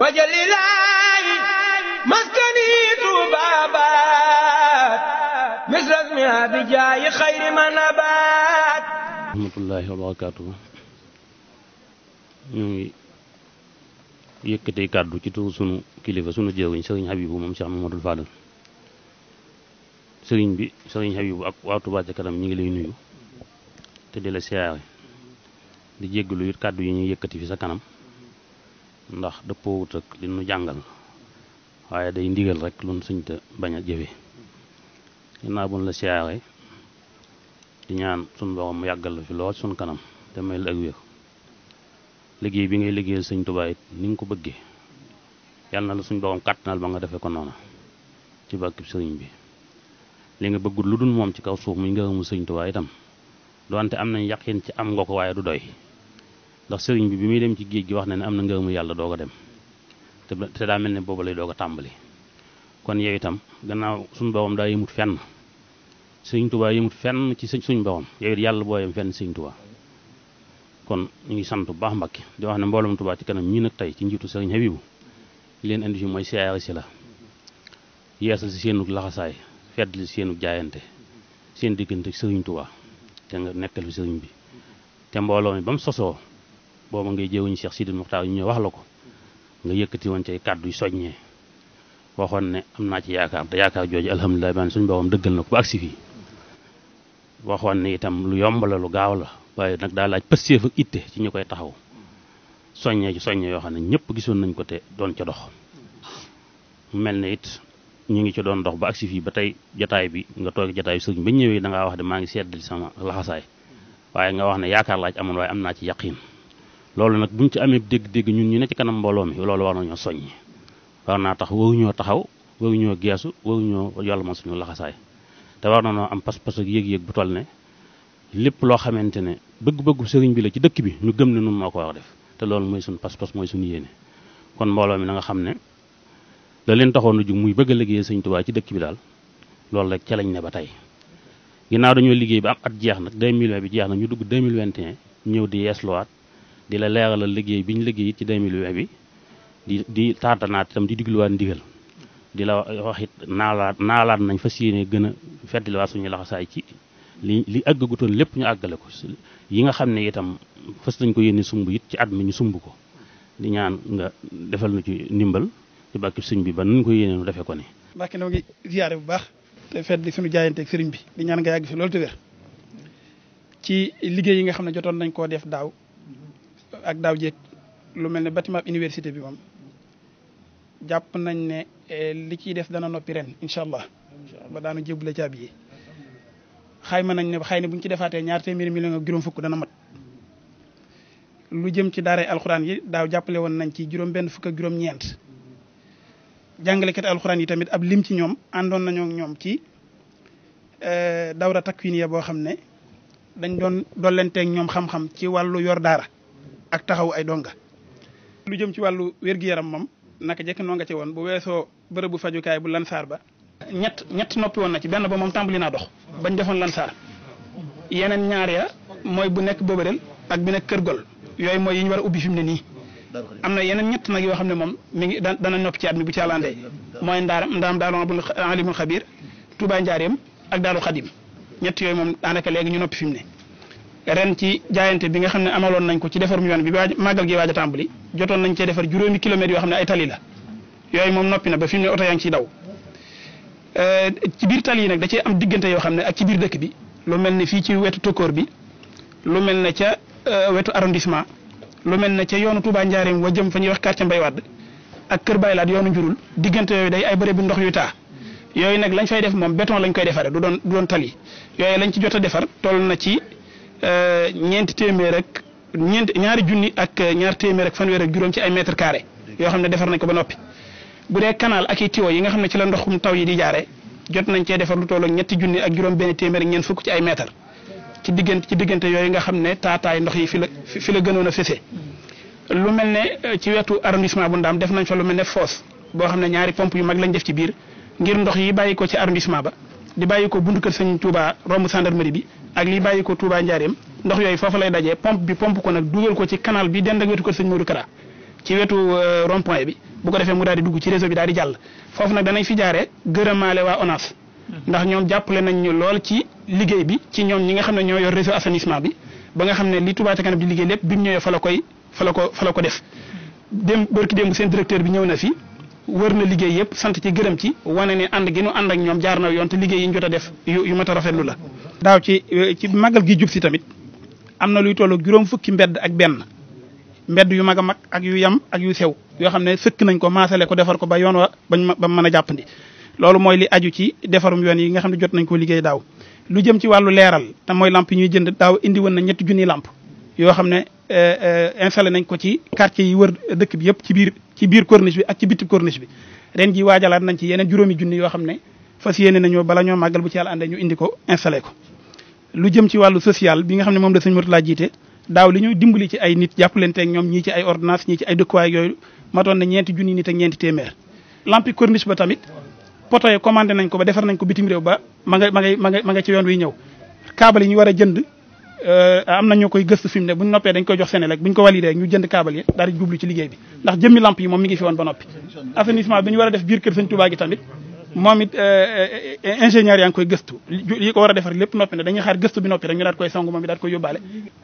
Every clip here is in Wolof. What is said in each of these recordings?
wajalilaayi maskani tuubaabaat misrasmi abijaayi xayri ma nabaat rahmatullaahi wa barakaatuhu ñu ngi yëkkatee kàddu ci tuur sunu kilifa sunu jëwriñ sëriñ Habibu moom Cheikh Mamadou Fadal sëriñ bi sëriñ Habibu ak waa Touba ca kanam ñu ngi lay nuyu te di la siyaare di jéggalu it kàddu yi ñuy yëkkati fi sa kanam ndax dëppoowut ak li nu jàngal waaye day ndigal rek lu nu suñta bañ a jëfe ginnaaw bu nu la siyaare di ñaan suñ borom mu yàggal la fi lool suñ kanam te may la ak wér liggéey bi ngay liggéeyal sëñ Tuubaa it ni nga ko bëggee yàlla na la suñ borom kàttanal ba nga defee ko noona ci bàkkib sëriñ bi li nga bëggul lu dul moom ci kaw suuf muy ngërëmu sëñ Tuubaa itam doonte am nañ ci am nga ko waaye du doy ndax sëriñ bi bi muy dem ci géej gi wax na ne am na ngërëmu yàlla doog a dem te te daa mel ne boobu lay doo ko tàmbali kon yow itam gannaaw suñ borom daa yëmut fenn sëriñ tubaa yëmut fenn ci suñ borom yow yàlla boo yem fenn sëriñ tubaa kon ñu ngi sant bu baax mbakki di wax ne mboolum tubaa ci kanam ñu nag tey ci njiitu sëriñ Habibu li leen indi fi mooy siyaare si la yeesal si seenug laxasaay fedd si seenug jaayante seen diggante sëriñ tubaa te nga nekkal fi bi te mbooloo mi ba mu booba ngay jëwuñ Cheikh Sidil Muxtaar ñu ñëw wax la ko nga yëkkati woon ci kàddu yu soññee waxoon ne am naa ci yaakaar te yaakaar jooju alhamdulilah man suñu boobam dëggal na ko ba agsi fii waxoon ne itam lu yomb la lu gaaw la waaye nag daa laaj pësteef ak itte ci ñu koy taxaw soññee ci soññee yoo xam ne ñëpp gisoon nañ ko te doon ca dox mel ne it ñu ngi ci doon dox ba agsi fii ba tey jataay bi nga toog jataay bi sëriñ ba ñëwee da ngaa wax de maa ngi seddali sama laxasaay waaye nga wax ne yaakaar laaj amoon waaye am naa ci yaqiin loolu nag buñ ci amee dégg-dégg ñun ñu ne ci kanam mbooloo mi loolu war nañoo soññ war naa tax wawuñoo taxaw wawuñoo geesu wawuñoo yàlla moom suñu laxasaay te war na noo am pas-pas ak yéeg-yéeg bu toll ne lépp loo xamante ne bëgg-bëggu sëriñ bi la ci dëkk bi ñu gëm ne nun moo ko wax def te loolu mooy suñu pas-pas mooy suñu yéene kon mbooloo mi nanga xam ne la leen taxoon lu jug muy bëgg a liggéey sëñ Tuubaa ci dëkk bi daal loolu rek ca lañ ne ba tey ginnaaw dañoo liggéey ba am at jeex nag 2020 bi jeex na ñu dugg 2021 ñëw di yeesluwaat di la leeralal liggéey bi ñu liggéey ci 2008 bi di di taatanaat itam di digluwaat ndigal di la wax it naalaat naalaat nañ fas yéene gën a feddaliwaat suñu laxasaay ci li li àggagutoon lépp ñu àggale ko yi nga xam ne itam fas lañ ko yéene sumb it ci at mi ñu sumb ko di ñaan nga defal nu ci ndimbal ci bàkki sëñ bi ba nuñ ko yéene nu ko ne Mbàkke noo ngi ziyaare bu baax te fet di suñu jaayanteeg sëriñ bi di ñaan nga yàgg fi loolu te ci liggéey yi nga xam ne jotoon nañ koo def ak daaw jéeg lu mel ne bâtiment université bi moom jàpp nañ ne eh, li ciy des dana noppi ren incha allah ba daanu jébbale caabi yi xayma nañ ne xëy na bu ñu ci defaate ñaar téeméeri million ak juróom fukk dana mat lu jëm ci daaray alxuraan yi daaw jàppale woon nañ ci juróom benn fukk ak juróom ñeent jàngalekat alxuraan yi tamit ab lim ci ñoom àndoon nañoo ñoom ci eh, dawra takwin ya boo xam ne dañ doon dollanteeg ñoom xam-xam ci wàllu yor daara ak taxaw ay donga lu jëm ci wàllu wér yaram moom naka jekk noo ci woon bu weesoo bërëbu fajukaay bu lansaar ba ñett ñett noppi woon na ci benn ba moom tàmbali naa dox bañ defoon lansaar yeneen ñaar ya mooy bu nekk boobadeel ak bu nekk kër gol yooyu mooy yi ñu war ubbi fi ne nii am na yeneen ñett nag yoo xam ne moom mi ngi dana noppi ci at mi bu caalandee mooy ndaaram ndaam daalu alimul xabiir Touba Njaareem ak daalu xadim ñett yooyu moom daanaka léegi ñu noppi fi mu ne ren ci jaayante bi nga xam ne amaloon nañ ko ci defarum yoon bi màggal gi waaj a tàmbali jotoon nañ cee defar juróomi kilomètres yoo xam ne ay tali la yooyu moom noppi na ba fi mu ne oto yaa ngi daw euh, ci biir tali yi nag da cee am diggante yoo xam ne ak ci biir dëkk bi lu mel ne fii ci wetu tokkoor bi lu mel ne ca euh, wetu arrondissement lu mel ne ca yoonu Touba Njaareem wa jëm fa ñuy wax quartier Mbay Wadd ak Kër Baylaat yoonu Njurul diggante yooyu day ay bëre bu ndox yu taa yooyu nag lañ fay def moom béton lañ koy defaree du doon du tali yooyu lañ ci jot a defar toll na ci Euh, ñeenti téeméer ak ñeent ñaari junni ak euh, ñaar téeméer ak fanweer ak juróom ci ay mètre carré yoo xam ne defar nañ ko ba noppi bu dee canal ak i tiwo yi nga xam ne ci la ndoxum taw yi di jaare jot nañ cee defar lu toll ak ñetti junni ak juróom benn téeméer ak ñeent fukk ci ay mètre ci diggante yooyu nga xam ne taataay ndox yi fi la fi la gënoon a fese lu mel ne euh, ci wetu arrondissement bu ndam def nañ fa lu mel ne foos boo xam ne ñaari pompe yu mag lañ def ci biir ngir ndox yi bàyyi ko ci arrondissement ba di bàyyi ko buntu kër sëñ Touba romb gendarmerie bi ak li bàyyi ko Touba Njaareem ndox yooyu foofu lay dajee pompe bi pomp ko nag dugal ko ci canal bi dend ak wetu kër sëñ Modou Kara ci wetu euh, rond point bi bu ko defee mu daal di dugg ci réseau bi daal di jàll foofu nag danañ fi jaaree gërëmaale waa ONAS hmm. ndax ñoom jàppale nañ ñu lool ci liggéey bi ci ñoom ñi nga xam ne ñoo yor réseau assainissement bi ba nga xam ne li Touba ca kanam di liggéey lépp bi mu ñëwee fa la koy fa la ko fa ko def dem hmm. bërki démb seen directeur bi ñëw na fi wër na liggéey yëpp sant ci gërëm ci wane ne ànd gi nu ànd ak ñoom jaar na yoon te liggéey yi ñu jot a def yu yu mat a rafetlu la. daaw ci eh, ci magal gi jub si tamit am na luy tollu juróom fukki mbedd ak benn mbedd yu mag a mag ak yu yam ak yu sew yoo xam ne sëkk nañ ko maasale ko defar ko ba yoon wa bañ ma ba mën a jàppandi. loolu mooy li aju ci defarum yoon yi nga xam ne jot nañ ko liggéey daaw lu jëm ci wàllu leeral te mooy lamp ñuy jënd daaw indi woon na ñetti junniy lamp yoo xam ne euh, euh, installé nañ ko ci quartier yi wër dëkk bi yëpp ci biir ci biir corniche bi ak ci bitti corniche bi ren ji waajalaat nañ ci yeneen juróomi junni yoo xam ne fa fas yéene nañoo bala ñoo màggal bu ci yàlla àndee ñu indi ko installé ko lu jëm ci wàllu social bi nga xam ne moom la sëñ Murtala jiite daaw li ñu dimbali ci ay nit jàppalanteeg ñoom ñii ci ay ordonnance ñii ci ay waay yooyu matoon na ñeenti junni nit ak ñeenti téeméer lampi corniche ba tamit poto yi commandé nañ ko ba defar nañ ko bitim réew ba ma ma ma nga ma yoon wi ñëw câble Euh, am na ñoo koy gëstu fi mu ne bu ñu noppee dañ koy jox Senelec bu ñu ko validé ñu jënd câble yi daal di jublu ci liggéey bi ndax jëmmi lamp yi moom mi ngi fi woon ba noppi assainissement bi ñu war a def biir kër Sëñ Touba tamit moom it euh, euh, ingénieur yaa nga koy gëstu li ko war a defar lépp noppi ne dañuy xaar gëstu bi noppi rek ñu daat koy sangu moom it daat koy yóbbaale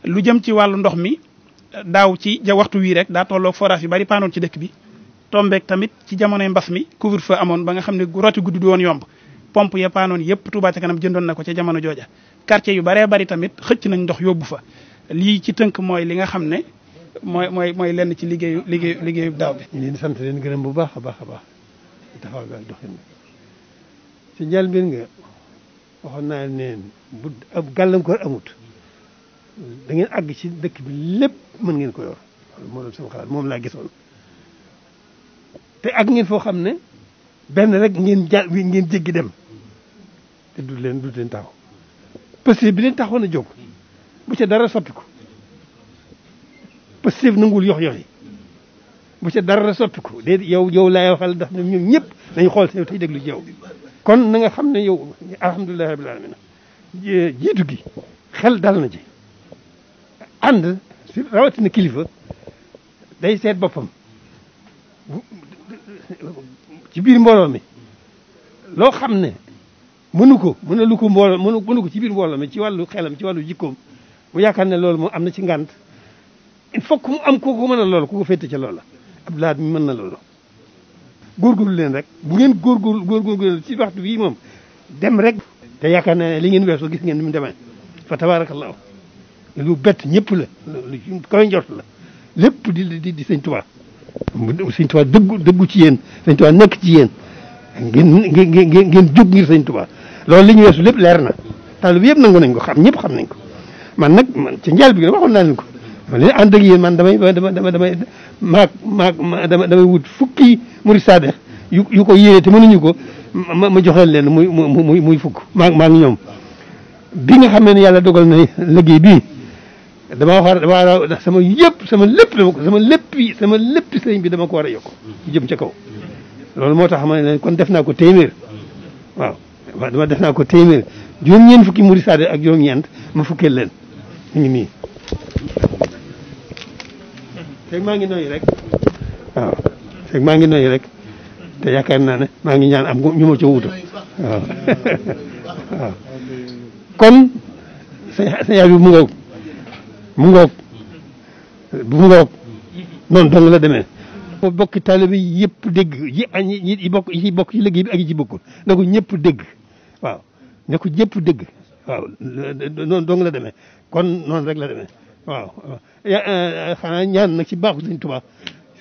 lu jëm ci wàllu ndox mi daaw ci ja waxtu wii rek daa tolloo forage yu bari paanoon ci dëkk bi tombeek tamit ci jamonoy mbas mi couvre amoon ba nga xam ne roti guddi du woon yomb pompe ya paanoon yëpp Touba ca kanam jëndoon na ko ca jamono jooja quartier yu baree bari tamit xëcc nañ ndox yóbbu fa lii ci tënk mooy li nga xam ne mooy mooy lenn ci liggéeyu liggéeyu liggéeyu daaw bi. ñu leen sant leen gërëm bu baax a baax a baax ci nga waxoon naa ne bu gàllankoor amut da ngeen àgg ci dëkk bi lépp mën ngeen ko moom laa gisoon te ak ngeen foo xam ne benn rek ngeen ja ngeen jéggi dem te du leen du leen taxaw. pastéef bi leen taxoon a jóg bu ca dara soppiku pastéef nanguwul yox yox yi bu ca dara soppiku déedéet yow yow laay waxal ndax ñoom ñëpp dañu xool sa yow tey déglu yow kon na nga xam ne yow alhamdulilahi rabbil alamin jiitu gi xel dal na ci ànd rawatina kilifa day seet boppam ci biir mbooloo mi loo xam ne mënu ko mënalu ko mbooloo mënu mënu ko ci biir mbooloo mi ci wàllu xelam ci wàllu jikkoom bu yaakaar ne loolu moom am na ci ngànt il faut mu am ku ko mën lool ko ku ko ca loola Abdou Lahad mi mën na loolu góorgóorlu leen rek bu ngeen góorgóorlu góorgóorlu leen ci waxtu bii moom dem rek te yaakaar naa li ngeen weesoo gis ngeen ni mu demee fa tabaarakallaahu lu bett ñëpp la lu koy njort la lépp di di di sëñ Tuubaa sëñ Tuubaa dëggu dëggu ci yéen sëñ Tuubaa nekk ci yéen ngeen ngeen ngeen jóg ngir sëñ Tuubaa loolu li ñu weesu lépp leer na taal bi yëpp nangu nañ ko xam ñëpp xam nañ ko man nag man ci njël bi gi waxoon naa leen ko man li ànd ak man damay dama dama damay maag maag dama damay wut fukki murid saadex yu yu ko yéene te mënuñu ko ma ma jox leen leen muy muy muy fukk maag maag ñoom bi nga xamee ne yàlla dogal na liggéey bi dama wax dama war sama yëpp sama lépp dama ko sama lépp sama lépp sëriñ bi dama ko war a yokk jëm ca kaw loolu moo tax ma ne leen kon def naa ko téeméer waaw def naa ko téeméer juróom-ñeent fukki murid saadiq ak juróom-ñeent ma fukkeel leen ñu ngi nii. fekk maa ngi noyyi rek ngi noyyi rek te yaakaar naa ne maa ngi ñaan am ñu ma ca wuutu waaw waaw kon sa yaay bi mu ngoog mu ngoog bu dong la demee bokki taalibe yëpp dégg yi añ yi bokk yi bokk ci liggéey bi ak yi ci bokkul na ko ñëpp ne ko jëpp dégg waaw noonu dong la deme kon noonu rek la demee waaw euh, xanaa ñaan nag ci baaxu sëñ Tuubaa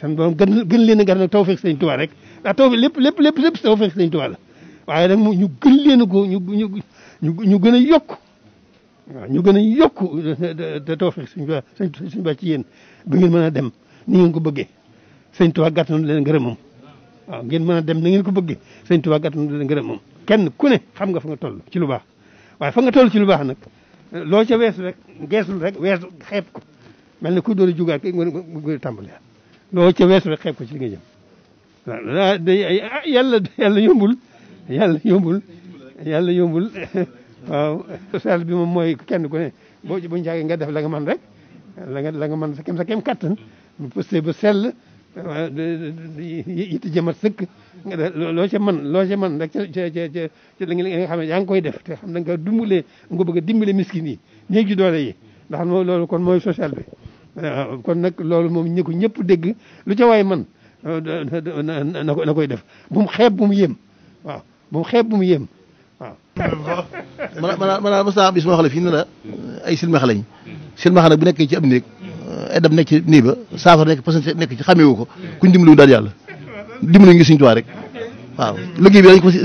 san borom gën gën leen a gar nag tawfeex sëñ Tuubaa rek ndax tawfeex lépp lépp lépp lépp tawfeex sëñ Tuubaa la waaye nag ñu gën leen a ko ñu ñu ñu gën yokk waaw ñu gën a yokk te tawfeex sëñ Tuubaa sëñ Tuubaa ci yéen ba ngeen mën a dem ni ngeen ko bëggee sëñ Tuubaa gàtt na leen ngërëm moom waaw ngeen mën a dem na ngeen ko bëggee sëñ Tuubaa gàtt moom kenn ku ne xam nga fa nga toll ci lu baax waaye fa nga toll ci lu baax nag loo ca weesu rek geesul rek weesu xeeb ko mel ni ku doon jugaat kay nga nga tàmbali loo ca weesu rek xeeb ko ci li nga jëm waaw day ah, yàlla yombul yàlla yombul yàlla yombul waaw bi moom mooy kenn ku ne boo buñu jaagee nga def langa man rek la nga la nga mën sa kem sa kem kattan bu pëstee sell it jëmat sëkk loo ca man loo ca man rek ca ca ca ca li nga xam ne yaa ngi koy def te xam da nga ko dimbalee nga bëgg a dimbale miskin yi néeg ji doole yi ndax moom loolu kon mooy social bi kon nag loolu moom ñi ko ñëpp dégg lu ca waay man na koy def bu mu xeeb bu mu yéem waaw bu mu xeeb bu mu yéem waaw mana mana mana mas naa bis fii ne la ay silmaxa lañ silmaxa nag bu nekkee ci am néeg edam eh, nekk ci nii ba saafara nekk pourcentage nekk ci xamewu ko kuñ dimbali wu daal yàlla dimbali ngi Sëñ Tuubaa rek waaw liggéey bi dañ ko si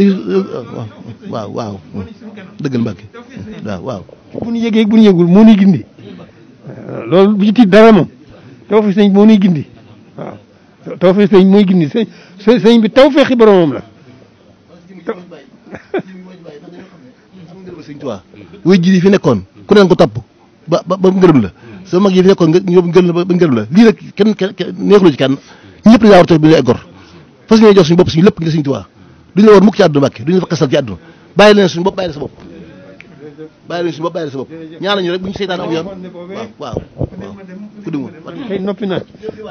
ñu yëgee bu ñu yëgul moo loolu bu tiit dara moom tawfeex sëñ moo gindi waaw tawfeex sëñ mooy gindi sëñ bi tawfeexi boromam la la sama mag yi nekkoon nga ñoom gën la ba ngërëm la lii nag kenn kenn neexlu ci kenn ñëpp dañaa war toog bi ñu ay gor fas ñuy jox suñu bopp suñu lépp ngir suñu Tuubaa duñu la war mukk ci àdduna Mbàkke duñu la fa xasal ci àdduna bàyyi leen suñu bopp bàyyi leen sa bopp bàyyi leen suñu bopp bàyyi leen sa bopp ñaan nañu rek bu ñu seytaan am yoon waaw waaw ku demul kay noppi naa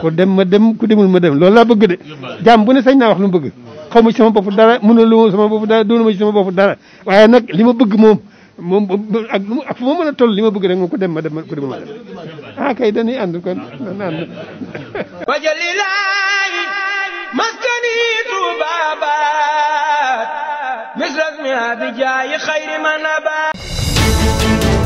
ku dem ma dem ku demul ma dem loolu laa bëgg de jàmm bu ne sañ naa wax lu mu bëgg xaw ma ci sama bopp dara mënul lu sama bopp dara doonu ma ci sama bopp dara waaye nag li ma bëgg moom moom ak lu ak fu ma mën a toll li ma bëgg rek moom ko dem ma dem ko dem ma dem ah kay dañuy ànd kon dañuy ànd. wajalilaayi maskani tuubaabaat misras mi abijaayi xayri ma nabaat